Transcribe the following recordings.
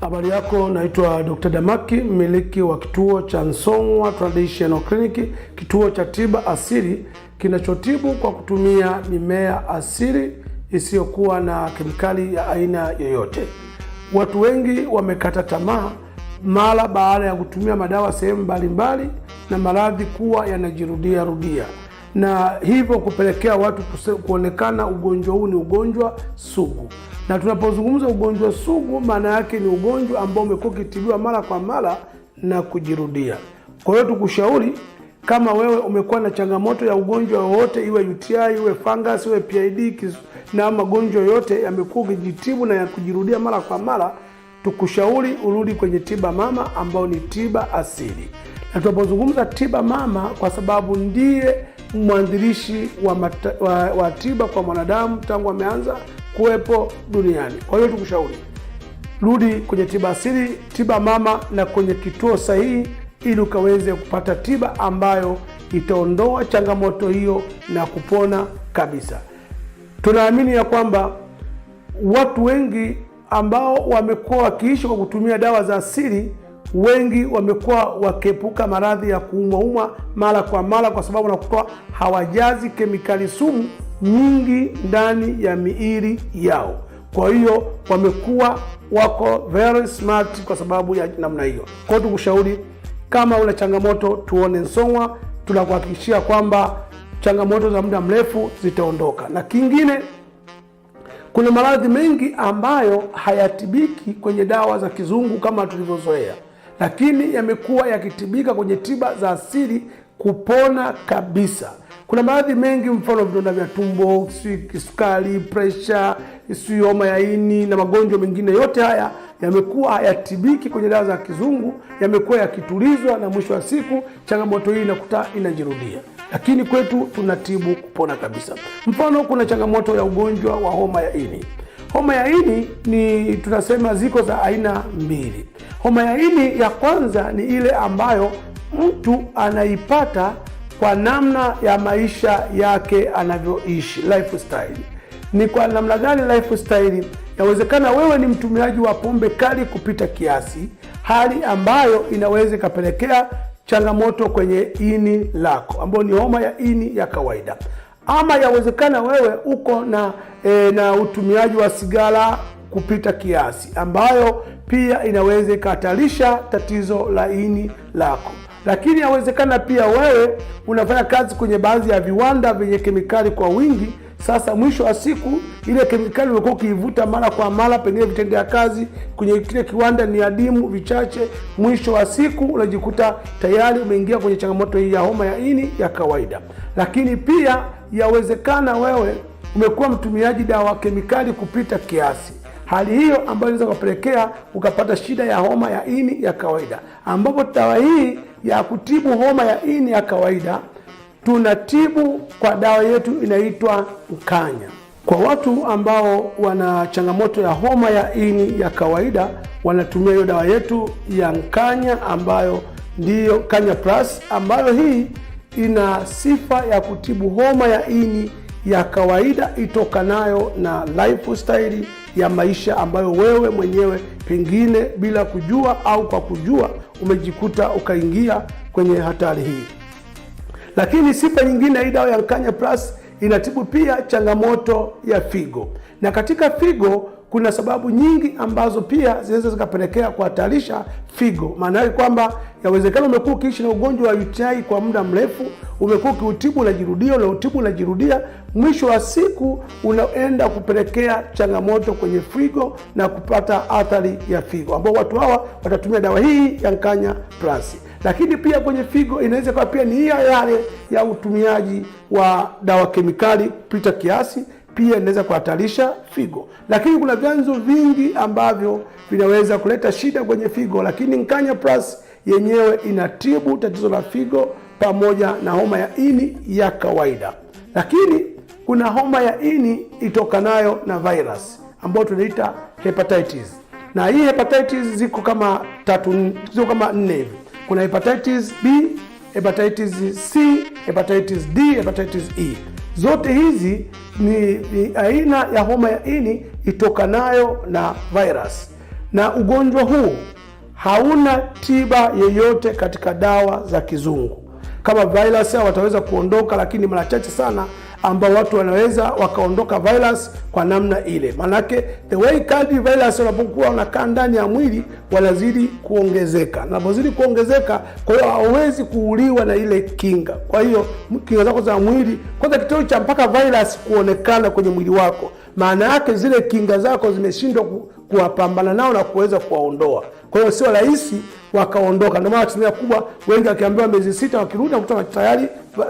Habari yako, naitwa Dr. Damaki, mmiliki wa kituo cha Song'wa Traditional Clinic, kituo cha tiba asili kinachotibu kwa kutumia mimea asili isiyokuwa na kemikali ya aina yoyote. Watu wengi wamekata tamaa mara baada ya kutumia madawa sehemu mbalimbali na maradhi kuwa yanajirudia rudia na hivyo kupelekea watu kuse, kuonekana ugonjwa huu ni ugonjwa sugu. Na tunapozungumza ugonjwa sugu, maana yake ni ugonjwa ambao umekuwa ukitibiwa mara kwa mara na kujirudia. Kwa hiyo tukushauri kama wewe umekuwa na changamoto ya ugonjwa wowote, iwe UTI, iwe fungus, iwe PID na magonjwa yote yamekuwa ukijitibu na ya kujirudia mara kwa mara, tukushauri urudi kwenye tiba mama ambayo ni tiba asili. Na tunapozungumza tiba mama, kwa sababu ndiye mwanzilishi wa, wa, wa tiba kwa mwanadamu tangu ameanza kuwepo duniani. Kwa hiyo tukushauri rudi kwenye tiba asili, tiba mama na kwenye kituo sahihi, ili ukaweze kupata tiba ambayo itaondoa changamoto hiyo na kupona kabisa. Tunaamini ya kwamba watu wengi ambao wamekuwa wakiishi kwa kutumia dawa za asili wengi wamekuwa wakiepuka maradhi ya kuumwaumwa mara kwa mara, kwa sababu nakutoa hawajazi kemikali sumu nyingi ndani ya miili yao. Kwa hiyo wamekuwa wako very smart kwa sababu ya namna hiyo. Kwa hiyo tukushauri, kama una changamoto, tuone Song'wa, tunakuhakikishia kwamba changamoto za muda mrefu zitaondoka. Na kingine, kuna maradhi mengi ambayo hayatibiki kwenye dawa za kizungu kama tulivyozoea lakini yamekuwa yakitibika kwenye tiba za asili kupona kabisa. Kuna maradhi mengi, mfano vidonda vya tumbo, si kisukari, presha, si homa ya ini na magonjwa mengine, yote haya yamekuwa hayatibiki kwenye dawa za kizungu, yamekuwa yakitulizwa, na mwisho wa siku changamoto hii inakuta inajirudia. Lakini kwetu tunatibu kupona kabisa. Mfano, kuna changamoto ya ugonjwa wa homa ya ini. Homa ya ini ni tunasema ziko za aina mbili. Homa ya ini ya kwanza ni ile ambayo mtu anaipata kwa namna ya maisha yake anavyoishi, lifestyle. Ni kwa namna gani lifestyle? Yawezekana wewe ni mtumiaji wa pombe kali kupita kiasi, hali ambayo inaweza ikapelekea changamoto kwenye ini lako, ambayo ni homa ya ini ya kawaida ama yawezekana wewe uko na e, na utumiaji wa sigara kupita kiasi, ambayo pia inaweza ikahatarisha tatizo la ini lako. Lakini yawezekana pia wewe unafanya kazi kwenye baadhi ya viwanda vyenye kemikali kwa wingi sasa mwisho wa siku ile kemikali ulikuwa ukiivuta mara kwa mara, pengine vitendea kazi kwenye kile kiwanda ni adimu vichache, mwisho wa siku unajikuta tayari umeingia kwenye changamoto hii ya homa ya ini ya kawaida. Lakini pia yawezekana wewe umekuwa mtumiaji dawa kemikali kupita kiasi hali hiyo ambayo inaweza kupelekea ukapata shida ya homa ya ini ya kawaida, ambapo dawa hii ya kutibu homa ya ini ya kawaida tunatibu kwa dawa yetu inaitwa mkanya. Kwa watu ambao wana changamoto ya homa ya ini ya kawaida, wanatumia hiyo dawa yetu ya mkanya ambayo ndiyo Kanya Plus, ambayo hii ina sifa ya kutibu homa ya ini ya kawaida itokanayo na lifestyle ya maisha ambayo wewe mwenyewe pengine bila kujua au kwa kujua umejikuta ukaingia kwenye hatari hii. Lakini sifa nyingine hii dawa ya Nkanya Plus inatibu pia changamoto ya figo, na katika figo kuna sababu nyingi ambazo pia zinaweza zikapelekea kuhatarisha figo. Maana yake kwamba yawezekana umekuwa ukiishi na ugonjwa wa UTI kwa muda mrefu, umekuwa ukiutibu unajirudia, unautibu unajirudia, mwisho wa siku unaenda kupelekea changamoto kwenye figo na kupata athari ya figo, ambao watu hawa watatumia dawa hii ya Nkanya Plus. Lakini pia kwenye figo inaweza kuwa pia ni hiyo yale ya utumiaji wa dawa kemikali kupita kiasi, pia inaweza kuhatarisha figo. Lakini kuna vyanzo vingi ambavyo vinaweza kuleta shida kwenye figo, lakini Nkanya Plus yenyewe inatibu tatizo la figo pamoja na homa ya ini ya kawaida. Lakini kuna homa ya ini itokanayo na virus ambayo tunaita hepatitis, na hii hepatitis ziko kama tatu, ziko kama nne hivi kuna hepatitis B, hepatitis C, hepatitis D, hepatitis E. Zote hizi ni, ni aina ya homa ya ini itokanayo na virus, na ugonjwa huu hauna tiba yeyote katika dawa za kizungu. Kama virus hao wataweza kuondoka, lakini mara chache sana ambao watu wanaweza wakaondoka virus kwa namna ile. Manake the way kadri virus wanapokuwa wanakaa ndani ya mwili wanazidi kuongezeka, napozidi kuongezeka, kwa hiyo hawawezi kuuliwa na ile kinga. Kwa hiyo kinga zako za mwili, kwanza kitendo cha mpaka virus kuonekana kwenye mwili wako, maana yake zile kinga zako zimeshindwa kuwapambana nao na kuweza kuwaondoa. Kwa hiyo sio rahisi wakaondoka, ndio maana asilimia kubwa wengi wakiambiwa miezi sita, wakirudi wanakuta tayari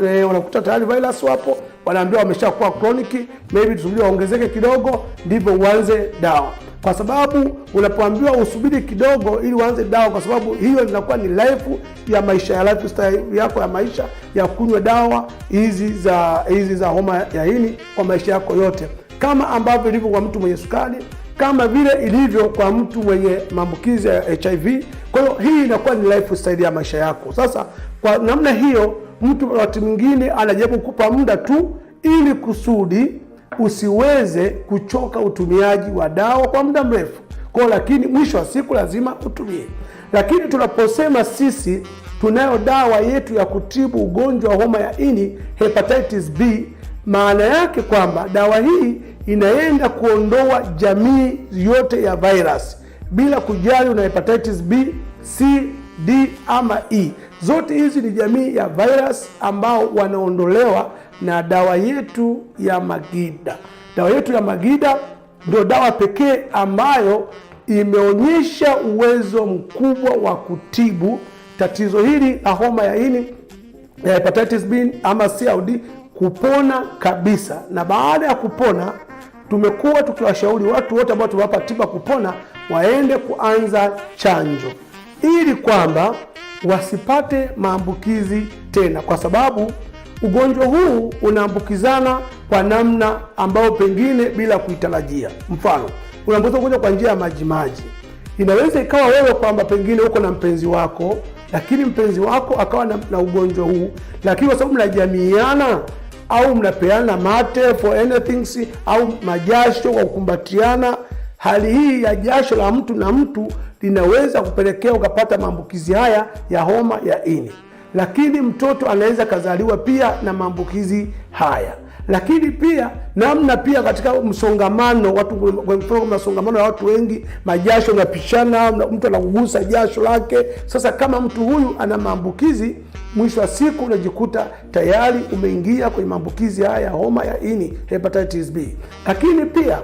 e, wanakuta tayari virus wapo, wanaambiwa wameshakuwa chronic, maybe tusubiri waongezeke kidogo, ndivyo uanze dawa, kwa sababu unapoambiwa usubiri kidogo ili uanze dawa, kwa sababu hiyo inakuwa ni life ya maisha ya lifestyle yako ya maisha ya kunywa dawa hizi za hizi za homa ya ini kwa maisha yako yote, kama ambavyo ilivyo kwa mtu mwenye sukari kama vile ilivyo kwa mtu mwenye maambukizi ya HIV. Kwa hiyo hii inakuwa ni lifestyle ya maisha yako. Sasa kwa namna hiyo, mtu wakati mwingine anajaribu kukupa muda tu ili kusudi usiweze kuchoka utumiaji wa dawa kwa muda mrefu kwao, lakini mwisho wa siku lazima utumie. Lakini tunaposema sisi tunayo dawa yetu ya kutibu ugonjwa wa homa ya ini hepatitis B maana yake kwamba dawa hii inaenda kuondoa jamii yote ya virus bila kujali una hepatitis B, C, D ama E. Zote hizi ni jamii ya virus ambao wanaondolewa na dawa yetu ya Magida. Dawa yetu ya Magida ndio dawa pekee ambayo imeonyesha uwezo mkubwa wa kutibu tatizo hili la homa ya ini ya hepatitis B ama C au D kupona kabisa, na baada ya kupona tumekuwa tukiwashauri watu wote ambao tumewapa tiba kupona waende kuanza chanjo ili kwamba wasipate maambukizi tena, kwa sababu ugonjwa huu unaambukizana kwa namna ambayo pengine bila kuitarajia. Mfano, unaambukiza ugonjwa kwa njia ya majimaji. Inaweza ikawa wewe kwamba pengine uko na mpenzi wako, lakini mpenzi wako akawa na, na ugonjwa huu, lakini kwa sababu mnajamiana au mnapeana mate for anything si, au majasho kwa kukumbatiana. Hali hii ya jasho la mtu na mtu linaweza kupelekea ukapata maambukizi haya ya homa ya ini, lakini mtoto anaweza kazaliwa pia na maambukizi haya lakini pia namna pia katika msongamano watu, kwa mfano msongamano ya watu wengi, majasho unapishana, mtu anakugusa jasho lake. Sasa kama mtu huyu ana maambukizi mwisho wa siku unajikuta tayari umeingia kwenye maambukizi haya ya homa ya ini hepatitis B. Lakini pia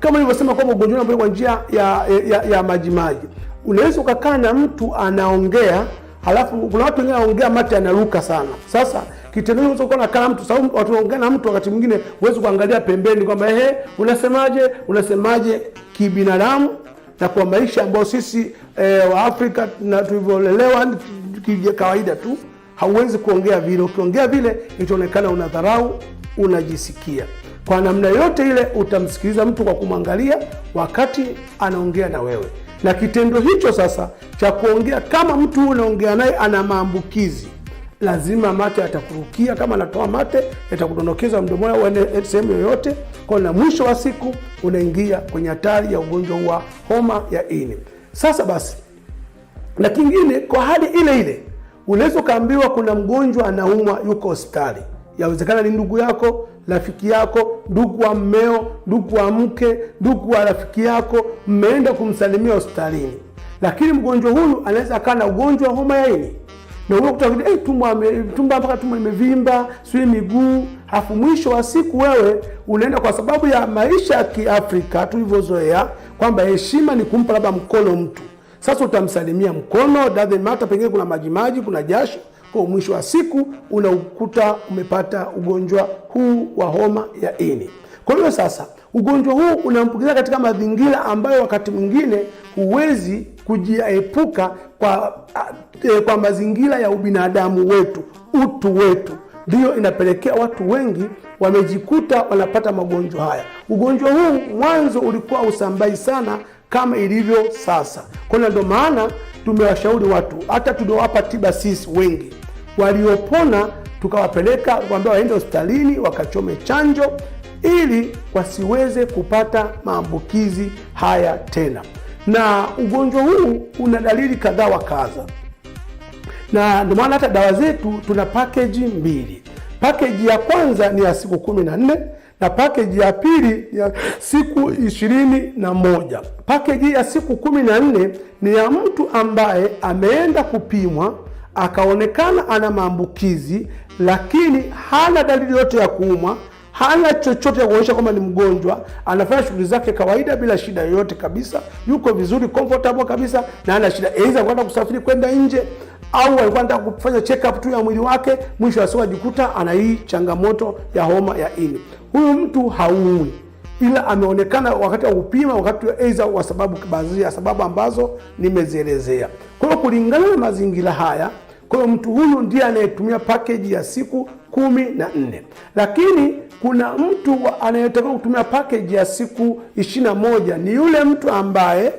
kama nilivyosema kwamba ugonjwa kwa njia ya, ya, ya majimaji, unaweza ukakaa na mtu anaongea halafu kuna watu wengine wanaongea mate yanaruka sana. Sasa kitendo hicho unakuwa nakaa mtu sababu watu wanaongea na mtu, wakati mwingine huwezi kuangalia pembeni kwamba ehe, unasemaje unasemaje kibinadamu, na kwa maisha ambayo sisi e, eh, Waafrika tulivyolelewa kitu kija kawaida tu, hauwezi kuongea vile. Ukiongea vile itaonekana unadharau, unajisikia. Kwa namna yote ile utamsikiliza mtu kwa kumwangalia wakati anaongea na wewe, na kitendo hicho sasa cha kuongea, kama mtu unaongea naye ana maambukizi lazima mate atakurukia. Kama anatoa mate, yatakudondokeza mdomoni au sehemu yoyote kwao, na mwisho wa siku unaingia kwenye hatari ya ugonjwa wa homa ya ini. Sasa basi na kingine, kwa hali ile ile unaweza ukaambiwa kuna mgonjwa anaumwa, yuko hospitali, yawezekana ni ndugu yako, rafiki yako, ndugu wa mmeo, ndugu wa mke, ndugu wa rafiki yako, mmeenda kumsalimia hospitalini, lakini mgonjwa huyu anaweza akawa na ugonjwa wa homa ya ini na unakuta hey, eh, tumbo mpaka tumbo imevimba, sui miguu, halafu mwisho wa siku wewe unaenda, kwa sababu ya maisha ya Kiafrika tulivyozoea kwamba heshima ni kumpa labda mkono mtu sasa utamsalimia mkono, doesn't matter, pengine kuna majimaji, kuna jasho. Kwa mwisho wa siku unaukuta umepata ugonjwa huu wa homa ya ini. Kwa hiyo sasa ugonjwa huu unampukiza katika mazingira ambayo wakati mwingine huwezi kujiaepuka kwa, eh, kwa mazingira ya ubinadamu wetu, utu wetu, ndiyo inapelekea watu wengi wamejikuta wanapata magonjwa haya. Ugonjwa huu mwanzo ulikuwa usambai sana kama ilivyo sasa. Kwa hiyo ndio maana tumewashauri watu, hata tuliowapa tiba sisi wengi waliopona, tukawapeleka kuambia waende hospitalini wakachome chanjo ili wasiweze kupata maambukizi haya tena. Na ugonjwa huu una dalili kadhaa wa kadha, na ndio maana hata dawa zetu tuna pakeji mbili. Pakeji ya kwanza ni ya siku kumi na nne na pakeji ya pili ya siku ishirini na moja. Pakeji ya siku kumi na nne ni ya mtu ambaye ameenda kupimwa akaonekana ana maambukizi, lakini hana dalili yote ya kuumwa hana chochote ya kuonyesha kwamba ni mgonjwa, anafanya shughuli zake kawaida bila shida yoyote kabisa, yuko vizuri comfortable kabisa na hana shida. Aidha kwenda kusafiri kwenda nje, au alikuwa anataka kufanya check up tu ya mwili wake, mwisho asiwajikuta ana hii changamoto ya homa ya ini huyu mtu hauui, ila ameonekana wakati wa kupima, wakati wa aidha wa sababu, baadhi ya sababu ambazo nimezielezea. Kwa hiyo kulingana na mazingira haya, kwa hiyo mtu huyu ndiye anayetumia pakeji ya siku kumi na nne, lakini kuna mtu anayetakiwa kutumia pakeji ya siku ishirini na moja ni yule mtu ambaye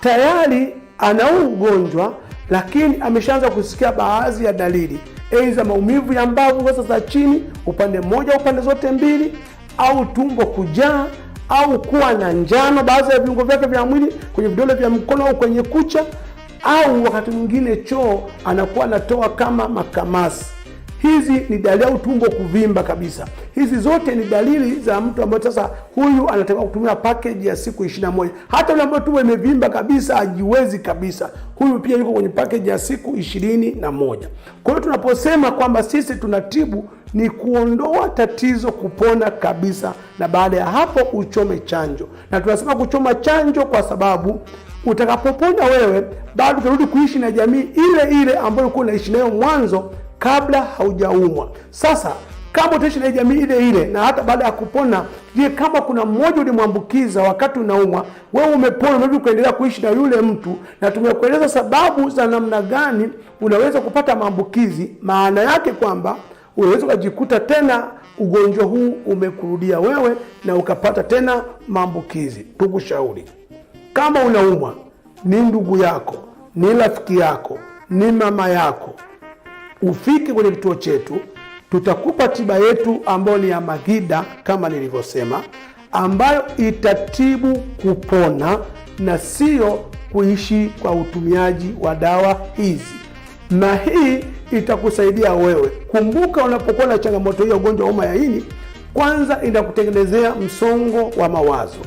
tayari anao ugonjwa lakini ameshaanza kusikia baadhi ya dalili aidha maumivu ya mbavu, hasa za chini, upande mmoja, upande zote mbili, au tumbo kujaa au kuwa na njano baadhi ya viungo vyake vya mwili, kwenye vidole vya mkono au kwenye kucha, au wakati mwingine choo anakuwa anatoa kama makamasi. Hizi ni dalili au tumbo kuvimba kabisa. Hizi zote ni dalili za mtu ambaye sasa huyu anatakiwa kutumia package ya siku 21. Hata yule ambaye tumbo imevimba kabisa ajiwezi kabisa, huyu pia yuko kwenye package ya siku ishirini na moja. Kwa hiyo tunaposema kwamba sisi tunatibu ni kuondoa tatizo, kupona kabisa, na baada ya hapo uchome chanjo. Na tunasema kuchoma chanjo kwa sababu utakapopona wewe bado utarudi kuishi na jamii ile ile ambayo ulikuwa unaishi nayo mwanzo kabla haujaumwa. Sasa kama utaishi na jamii ile ile na hata baada ya kupona, je, kama kuna mmoja ulimwambukiza wakati unaumwa, wewe umepona, unaweza kuendelea kuishi na yule mtu, na tumekueleza sababu za namna gani unaweza kupata maambukizi. Maana yake kwamba unaweza ukajikuta tena ugonjwa huu umekurudia wewe na ukapata tena maambukizi. Tukushauri, kama unaumwa, ni ndugu yako, ni rafiki yako, ni mama yako ufike kwenye kituo chetu, tutakupa tiba yetu ambayo ni ya Magida kama nilivyosema, ambayo itatibu kupona na siyo kuishi kwa utumiaji wa dawa hizi, na hii itakusaidia wewe. Kumbuka, unapokuwa na changamoto hii ya ugonjwa wa homa ya ini, kwanza inakutengenezea msongo wa mawazo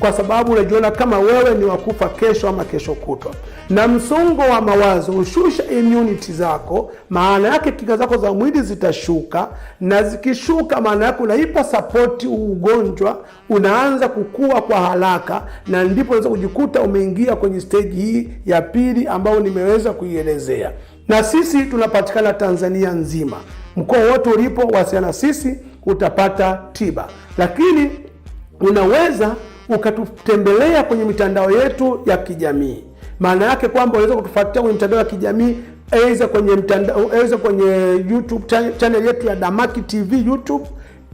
kwa sababu unajiona kama wewe ni wakufa kesho ama kesho kutwa. Na msongo wa mawazo hushusha immunity zako, maana yake kinga zako za mwili zitashuka, na zikishuka, maana yake unaipa sapoti ugonjwa, unaanza kukua kwa haraka, na ndipo unaweza kujikuta umeingia kwenye steji hii ya pili ambayo nimeweza kuielezea. Na sisi tunapatikana Tanzania nzima, mkoa wote ulipo, wasiana sisi utapata tiba, lakini unaweza ukatutembelea kwenye mitandao yetu ya kijamii. Maana yake kwamba unaweza kutufuatilia kwenye mitandao ya kijamii aidha kwenye mtandao, aidha kwenye YouTube channel yetu ya Damaki TV YouTube,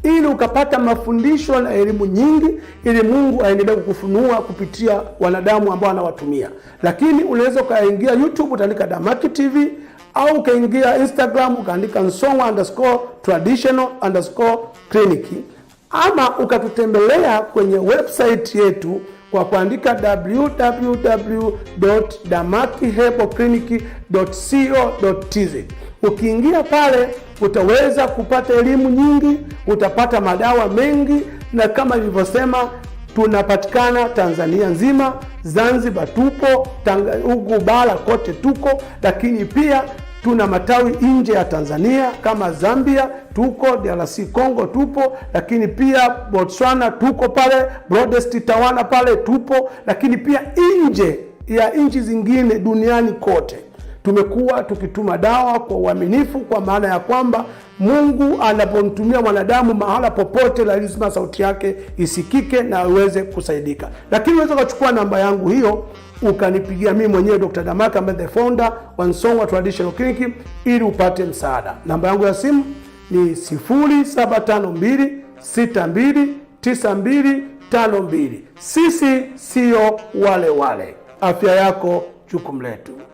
ili ukapata mafundisho na elimu nyingi, ili Mungu aendelee kukufunua kupitia wanadamu ambao anawatumia. Lakini unaweza ukaingia YouTube utaandika Damaki TV au ukaingia Instagram ukaandika Song'wa underscore traditional underscore clinic ama ukatutembelea kwenye website yetu kwa kuandika www.damakihepoclinic.co.tz. Ukiingia pale utaweza kupata elimu nyingi, utapata madawa mengi, na kama nilivyosema tunapatikana Tanzania nzima, Zanzibar tupo, huku bara kote tuko, lakini pia Tuna matawi nje ya Tanzania kama Zambia, tuko DRC Congo tupo, lakini pia Botswana tuko pale, Broadest Tawana pale tupo, lakini pia nje ya nchi zingine duniani kote tumekuwa tukituma dawa kwa uaminifu, kwa maana ya kwamba Mungu anapomtumia mwanadamu mahala popote, lazima sauti yake isikike na aweze kusaidika. Lakini unaweza ukachukua namba yangu hiyo ukanipigia mimi mwenyewe Dr. Damaka ambaye the founder wa Song'wa Traditional Clinic ili upate msaada. Namba yangu ya simu ni 0752629252. Sisi sio wale wale. Afya yako jukumu letu.